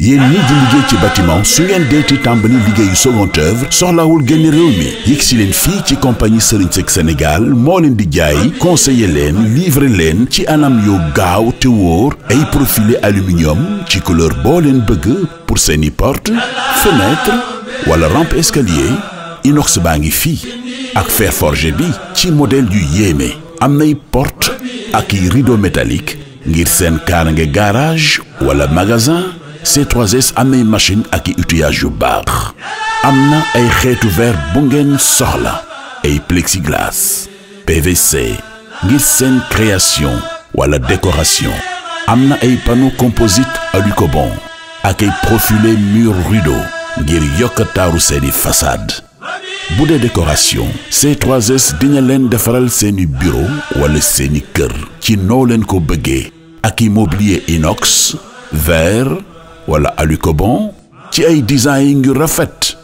yéen ñii di liggéey ci bâtiment su ngeen deeti tàmbali liggéeyu second œuvre soxlawul génn réew mi yegg si leen fii ci compagnie Serigne Seck Sénégal moo leen di jaay conseiller leen livrer leen ci anam yoo gaaw te woor ay profilé aluminium ci couleur boo leen bëgg pour seeni porte fenêtre wala rampe escalier inox baa ngi fii ak fer forgé bi ci modèle yu yéeme am nay porte ak i rideau métallique ngir seen kaarange garage walla magasin C3S machine ak i outillage yu baax am na ay xeetu verre bu ngeen soxla ay plexiglas PVC ngir seen création wala décoration am na ay panneau composite alucobond ak ay profilé mur rideau ngir yokk taaru seeni façade bu dee décoration C3S leen defaral seeni bureau wala seeni kër ci noo leen ko bëggee ak i mobilier inox verre wala alucobon ci ay design yu rafet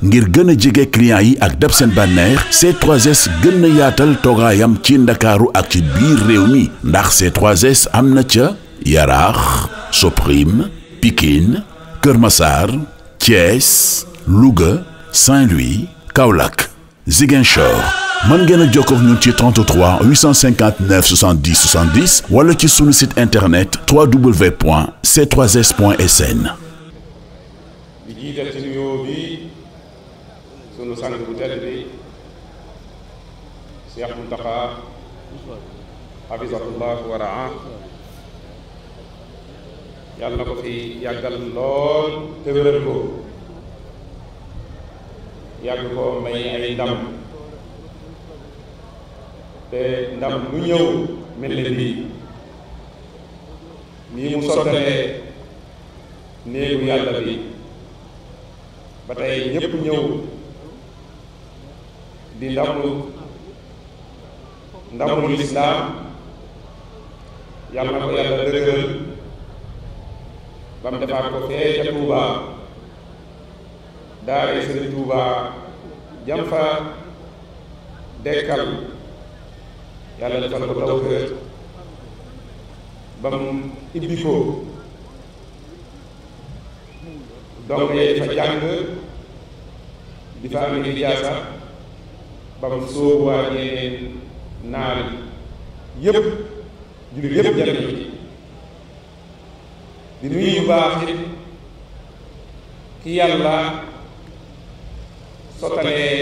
ngir gën a jege client yi ak dab seen bànneex C3S gën a yaatal toogaayam ci ndakaaru ak ci biir réew mi ndax C3S am na ca Yaraax Soprim Pikine Kër Massar Thiès Saint-Louis Kaolack Ziguinchor man ngeen a jokkoo ak ñun ci 33 859 70 wala ci sunu site internet www.c3s.sn. di jiital ci nuyoo bi sunu sang bu tedd bi Cheikh Mountakha hafizahullah wa raa yàlla na ko fi yàggal lool te wéral ko may ay te ndam lu ñëw mel ne bii nii mu sottalee néegu yàlla bi ba tey ñépp ñëw di ndamul ndamul lislaam yàlla na ko yàlla dëgëral ba mu ko fee ca Touba daara Sëriñ Touba jam fa dekkal yàlla defal ko tawfeex ba mu ibbi ko donc di fa jàng di fa am ni lijaasa ba mu sóobuwaat yeneen naar yëpp jullit yëpp jariñu ci di nuyu baax it ki yàlla sottalee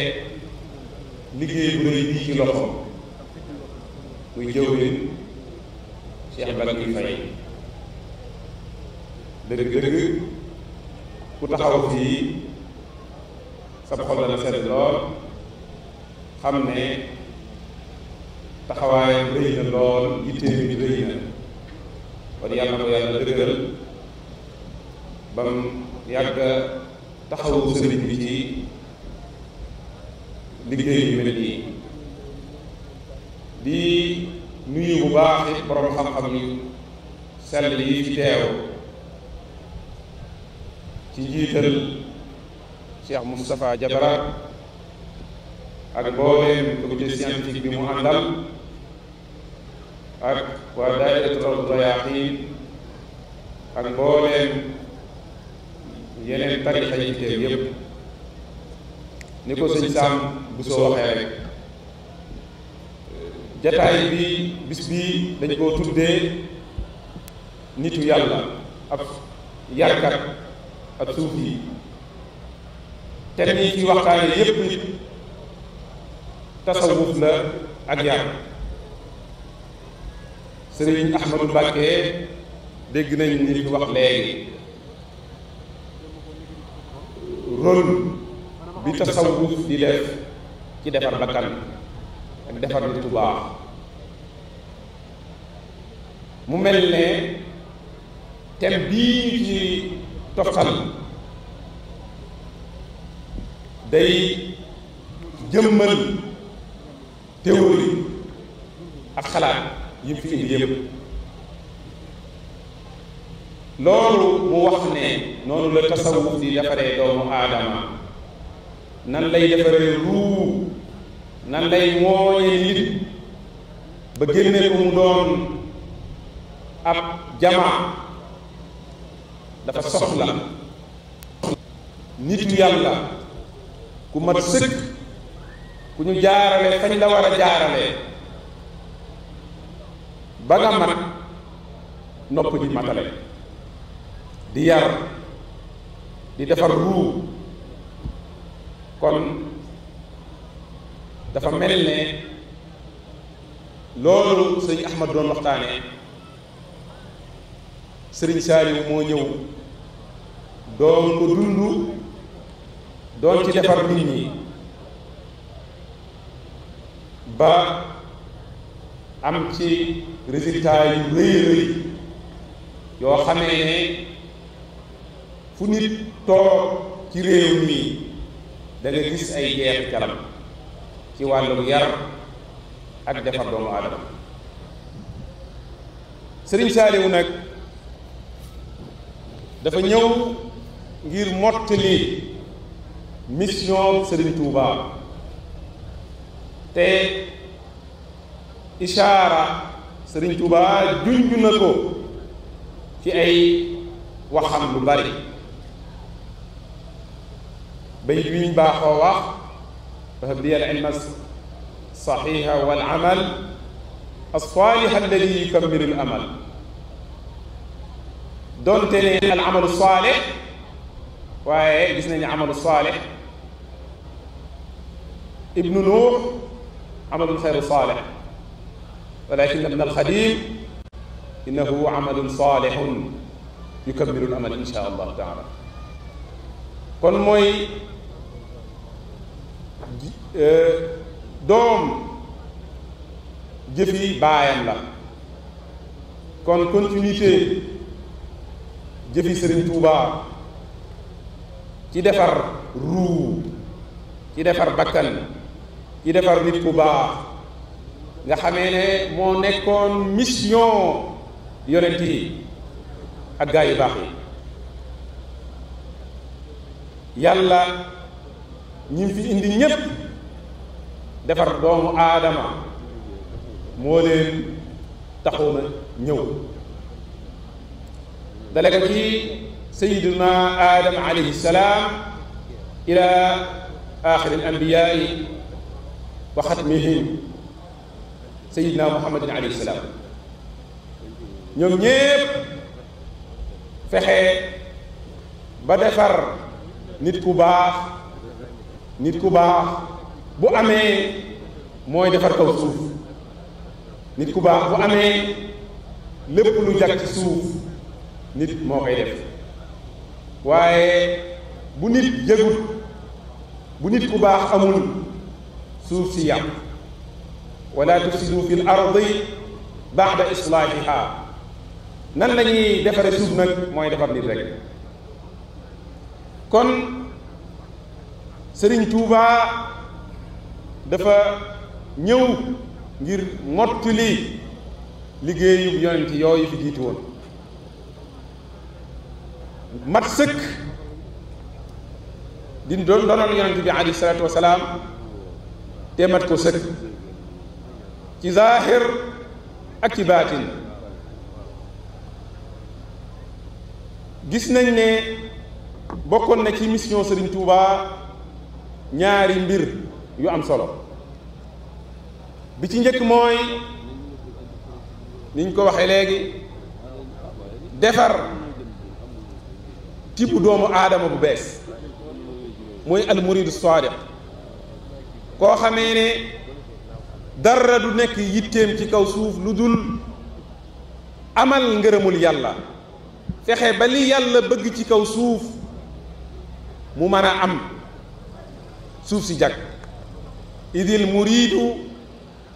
liggéey bu rëy bii ci loxo muy jëwriñ Cheikh Bakary Faye dëgg-dëgg ku taxaw fii sa xol dana sedd lool xam ne taxawaayam rëy na lool yitteem it rëy na kon yàlla na yàlla dëggal bam yàgg taxawu sëriñ ci liggéey yu mel nii di borom xam-xam yu sell yi fi teew ci njiital Cheikh Moustapha Jabara ak mbooleem comité scientifique bi mu àndal ak waa daayiratu Rawdu Rayaahiin ak mbooleem yeneen tarixa yi teew yépp ni ko sëñ Sam bu soo waxee rek jataay bi bis bii dañ koo tuddee nitu yàlla ab yarkat ab suuf yi te ni ci waxtaane yépp nit tasawuf la ak yar sëriñ Ahmadu Mbàkke dégg nañ nit wax léegi rôle bi tasawuf di def ci defar bakkan ak defar nit bu mu mel ne thème bii ci toftal day jëmmal théorie ak xalaat yi mu fi indi yëpp loolu mu wax ne noonu la tasawuf di defaree doomu aadama nan lay defaree ruu nan lay mooñee nit ba génne ko mu doon ab jamaa dafa soxla nitu yàlla ku mat sëkk ku ñu jaarale fañ la war a jaarale ba nga mat nopp di matale di yar di defar ruu kon dafa mel ne loolu sëñ Ahmad doon waxtaane sëriñ Saaliw moo ñëw doon ko dund doon ci defar nit ñi ba am ci résultat yu rëy rëy yoo xamee ne fu nit toog ci réew mi da nga gis ay jeexitalam ci wàllum yar ak defar doomu aadama sëriñ Saaliwu nag dafa ñëw ngir mottali mission sëriñ Touba te ishaara sëriñ Touba junj na ko ci ay waxam lu bari bay yuñ baaxoo wax فهب لي العلم الصحيح والعمل الصالح الذي يكمل الأمل donte ne alamalu saalix waaye gis nañu amalu saalix ibnu nuux amalul xeyru saalix walakin ibn alxadim innahu amalun saalixun yukammilu al amal insha allahu taala kon mooy Euh, doom jëfi baayam la kon continuité jëfi Sëriñ Tuubaa ci defar ruu ci defar bakkan ci defar nit ku baax nga xamee ne moo nekkoon mission yonent yi ak gaa yu baax yi yàlla ñi fi indi ñépp defar doomu aadama moo leen taxoon a ñëw dale ko ci sayiduna aadama alayhi salaam ila axiri al anbiyaai wa xatmihim sayiduna salaam ñoom ñépp fexe ba defar nit ku baax nit ku baax bu amee mooy defar kaw suuf nit ku baax bu amee lépp lu jag ci suuf nit moo koy def waaye bu nit yëgut bu nit ku baax amul suuf si yàpp wala tufsidu fi l ardi baada islaahiha nan lañuy ñuy defare suuf nag mooy defar nit rek kon sëriñ Touba dafa ñëw ngir mottali liggéeyu yonent yooyu fi jiitu woon mat sëkk di doon doonal yonent bi alayhi salaatu wasalaam te mat ko sëkk ci zaahir ak ci baatin gis nañ ne bokkoon na ci mission sëriñ Touba ñaari mbir yu am solo bi ci njëkk mooy niñ ko waxe léegi defar tibb doomu aadama bu bees mooy almuridu saadiq koo xamee ne dara du nekk yitteem ci kaw suuf lu dul amal ngërëmul yàlla fexe ba li yàlla bëgg ci kaw suuf mu mën a am suuf si jag idil muriidu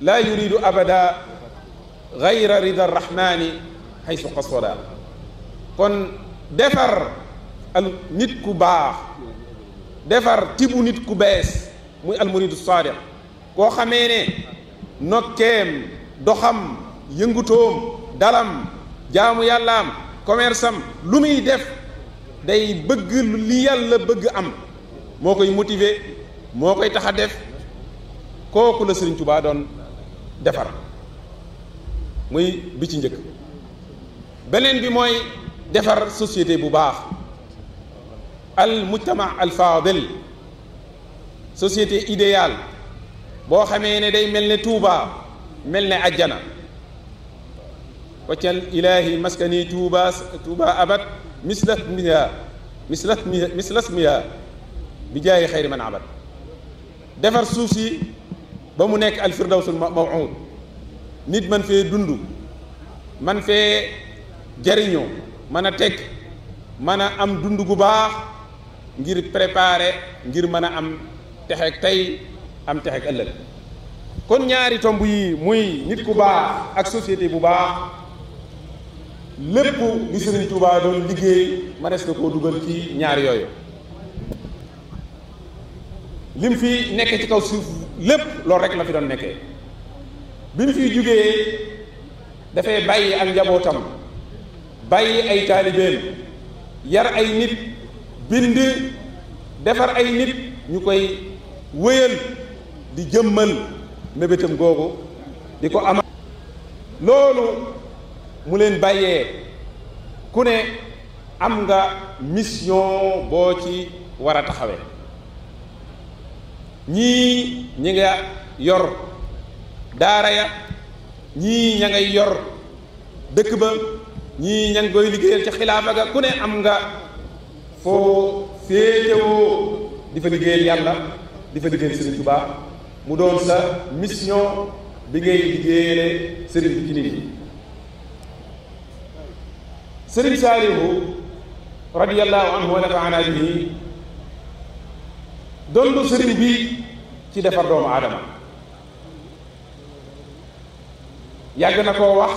laa yuridu abada gayra rida rahmani haysu qaswada kon defar al nit ku baax defar tibu nit ku bees muy al muriidu saadiq koo xamee ne nokkeem doxam yëngutoom dalam jaamu yàllaam commerce lu muy def day bëgg li yàlla bëgg am moo koy motiver moo koy tax a def kooku la Sëriñ Tuubaa doon defar muy bi ci njëkk beneen bi mooy defar société bu baax al mujtama al faadil société idéale boo xamee ne day mel ne Touba mel ne ajjana waccal ilaahi maskani Touba Touba abad mislas miya mislas miya mislas miya bi jaayi xayri man abad defar suuf si ba mu nekk alfirdawsul mawuud nit man fee dund man fee jariñoo mën a teg mën a am dund gu baax ngir préparer ngir mën a am texeeg tey am texeeg ëllëg kon ñaari tomb yi muy nit ku baax ak société bu baax lépp li Sëriñ Tuubaa doon liggéey ma des na koo dugal ci ñaar yooyu li mu fi nekke ci kaw suuf lépp loolu rek la fi doon nekke bi mu fiy jugee dafay bàyyi ak njabootam bàyyi ay taalibeem yar ay nit bind defar ay nit ñu koy wéyal di jëmmal mébétam googu di ko amal loolu mu leen bàyyee ku ne am nga mission boo ci war a taxawe ñii ñi nga yor daara ya ñii ña yor dëkk ba ñii ña ngi koy liggéeyal ci xilaafa ga ku ne am nga foo féetewoo di fa liggéeyal yàlla di fa liggéeyal Serigne Touba mu doon sa mission bi ngay liggéeyale Serigne bi ci nit ñi Serigne Saliou radiyallahu anhu wa dondu sëriñ bi ci defar doomu aadama yàgg na koo wax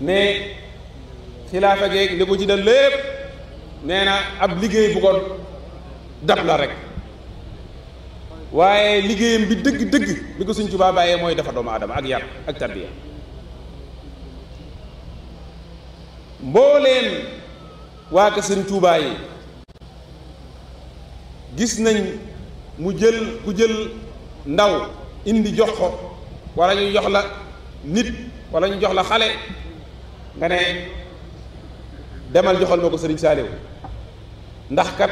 ne xilaafa geeg li ko ci dal lépp nee na ab liggéey bu ko dab la rek waaye liggéeyam bi dëgg dëgg bi ko Sëriñ Tuubaa bàyyee mooy defar doomu aadama ak yar ak tarbiya mbooleen waa ko Sëriñ Tuubaa yi gis nañ mu jël ku jël ndaw indi jox ko walla ñu jox la nit wala ñu jox la xale nga ne demal joxal ma ko sëriñ Saaliw ndax kat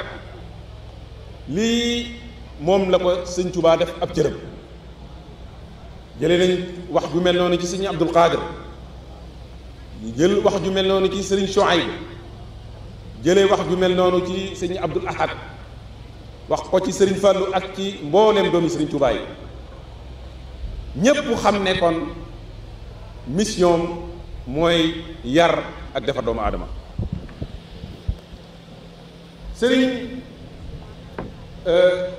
lii moom la ko sëñ Tuubaa def ab cërëm jëlee nañ wax ju mel noonu ci sëñ Abdul Qaadir jël wax ju mel noonu ci sëriñ Shuayb jëlee wax ju mel noonu ci sëñ Abdul Ahad wax ko ci sëriñ Fallou ak ci mbooleem doomi sëriñ Touba yi ñépp xam ne kon mission mooy yar ak defar doomu aadama sëriñ euh,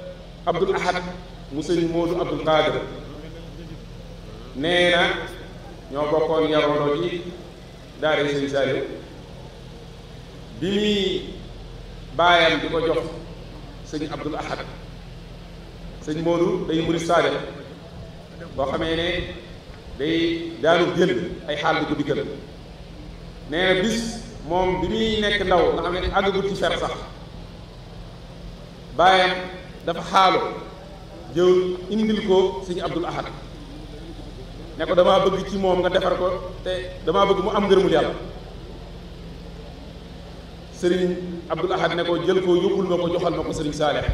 Abdul Ahad mu sëriñ Moodu Abdul Qadir nee na ñoo bokkoon yarondoo ci daara sëriñ Saliou bi muy baayam di ko jox sëñ Abdul Ahad sëñ Moodu day murid saaga boo xamee ne day daanu génn ay xaal di ko dikkal nee na bis moom bi muy nekk ndaw nga xam ne àggagul ci fer sax baayam dafa xaalu jëw indil ko sëñ Abdul Ahad ne ko dama bëgg ci moom nga defar ko te damaa bëgg mu am ngërëmul yàlla sëriñ Abdul Ahad ne ko jël ko yóbbul ma ko joxal ma ko sëriñ Saalix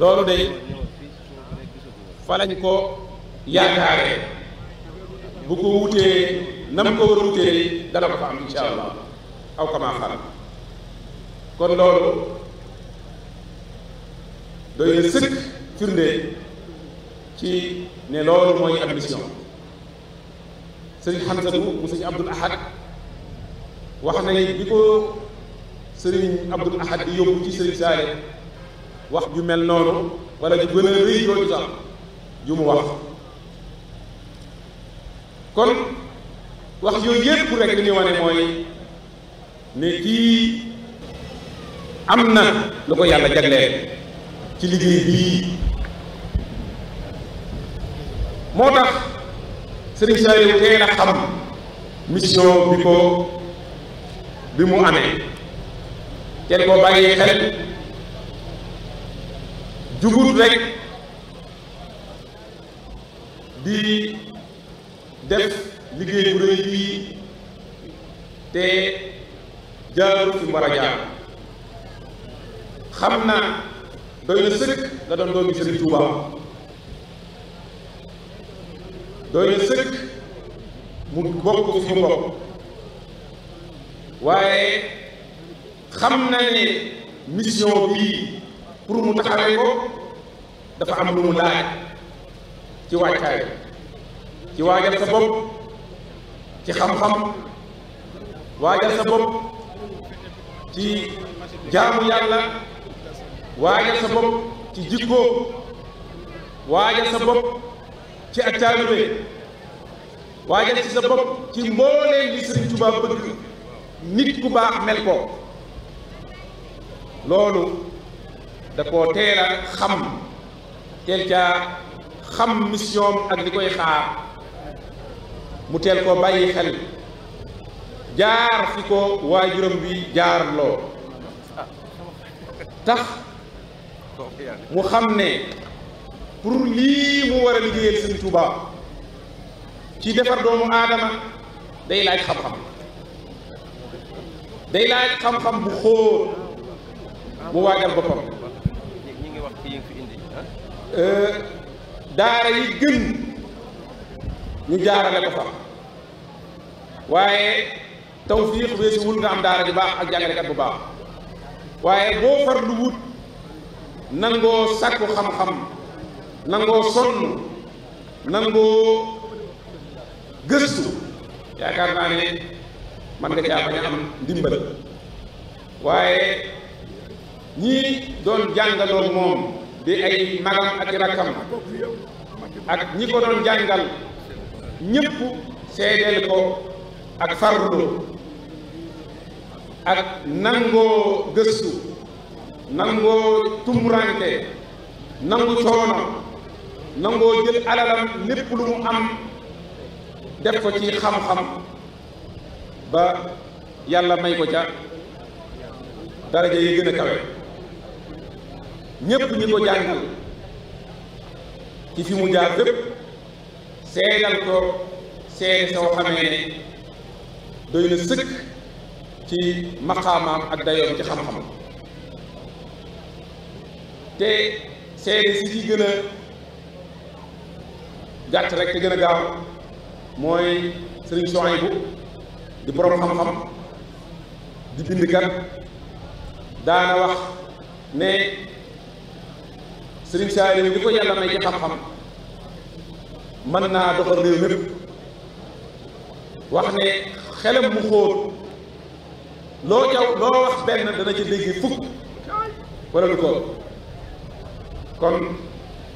loolu de fa ko yaakaare bu ko wutee nam ko war a wutee dana ko fa am insha allah aw kamaa xaal kon loolu doy na sëkk ci ne loolu mooy admission sëriñ Xamsatu mu sëriñ Abdul Ahad wax na it bi ko sëriñ Abdul Ahad di yóbbu ci sëriñ Saale wax ju mel noonu wala ju gën a rëy jooju sax ju mu wax kon wax yooyu yépp rek li wane mooy ne kii am na lu ko yàlla jagleel ci liggéey bii moo tax sëriñ Saale teel a xam mission bi ko bi mu amee teel koo bàyyi xel jugut rek di def liggéey bu rëy bii te jaarul fi mu war a jaar xam na doy na sëkk la doon doon Sëriñ Tuubaa doy na sëkk mu bokk fi mu bokk waaye xam na ne mission bii pour mu taxawee ko dafa am lu mu laaj ci waajtaay ci waajal sa bopp ci xam-xam waajal sa bopp ci jaamu yàlla waajal sa bopp ci jikko waajal sa bopp ci ak taalibe waajal ci sa bopp ci mbooleem li Sëriñ Tuubaa nit ku baax mel ko loolu da koo teel a xam teel caa xam mission ak li koy xaar mu teel ko bàyyi xel jaar fi ko waajuram bi jaar loo tax mu xam ne pour lii mu war a liggéeyal Sëriñ Tuubaa ci defar doomu aadama day laaj xam-xam day laaj xam-xam bu xóor bu waajal boppam fi indi ah? euh, daara yi gën ñu jaarale ko fa waaye tawfiix weesuwul nga am daara bi baax ak jàngalekat bu baax waaye boo farlu wut nangoo sàkku xam-xam nangoo sonn nangoo gëstu yaakaar naa ne man nga caa bañ a am ndimbal waaye ñii doon jàngaloon moom di ay magam ak rakkam ak ñi ko doon jàngal ñëpp seedeel ko ak farlu ak nangoo gëstu nangoo tumurante nangu coono nangoo jël alalam lépp lu mu am def ko ci xam-xam ba yàlla may ko ca daraja yi gën a kawe ñépp ñi ko jàngal ci fi mu jaar lépp seedal ko seede soo xamee ne doy na sëkk ci maqaamaam ak dayoom ci xam-xam te seede si ci gën a gàtt rek te gën a gaaw mooy sëriñ Sohaybu di borom xam-xam di bindkat daana wax ne Sëriñ Saaliw li ko yàlla may ci xam-xam mën naa doxal réew mépp wax ne xelam mu xóot loo jaw loo wax benn dana ci dégg fukk wala lu ko kon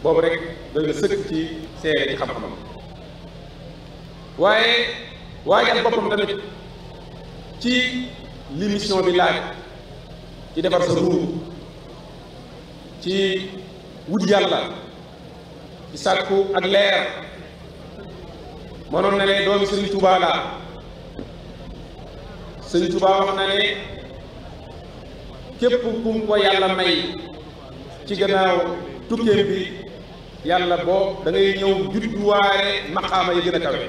boobu rek doy na sëkk ci seere ci xam-xamam waaye waajal boppam tamit ci li mission bi laaj ci defar sa ruur ci wut yàlla ci sàkku ak leer mënoon na ne doomi sëñ Tuubaa laa sëñ wax na ne képp kum ko yàlla may ci gannaaw tukkeem bi yàlla boo da ngay ñëw judduwaare maqaama yi gën a kawe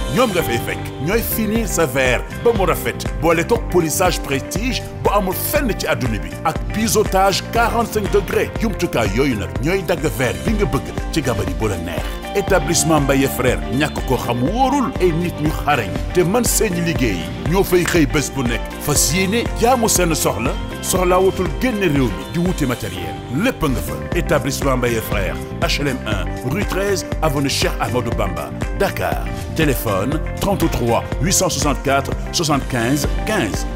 ñoom nga fay fekk ñooy finir sa verre ba mu rafet boole toog polissage prestige bu amul fenn ci adduna bi ak biseautage 45 degré jumtukaay yooyu nag ñooy dagg verre bi nga bëgg ci gabari bu la neex établissement Mbaye frère ñàkk ko xam wóorul ay nit ñu xarañ te man seen liggéey yi ñoo fay xëy bés bu nekk fas yéene jaamu seen soxla soxlaa wutul réew mi di wuti matériel lépp nga fa établissement Mbaye frère HLM 1 rue 13 avenue Cheikh Amadou Bamba Dakar téléphone 33 864 75 15